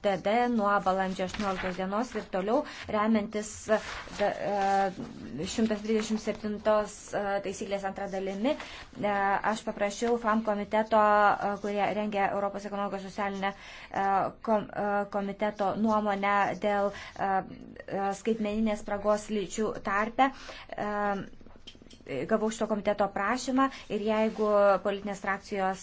TD nuo balandžio 18 dienos ir toliau remiantis 137 e, e, taisyklės antrą dalimi. E, aš paprašiau FAM komiteto, kurie rengia Europos ekonomikos socialinę komiteto nuomonę dėl skaitmeninės spragos lyčių tarpe gavau šito komiteto prašymą ir jeigu politinės frakcijos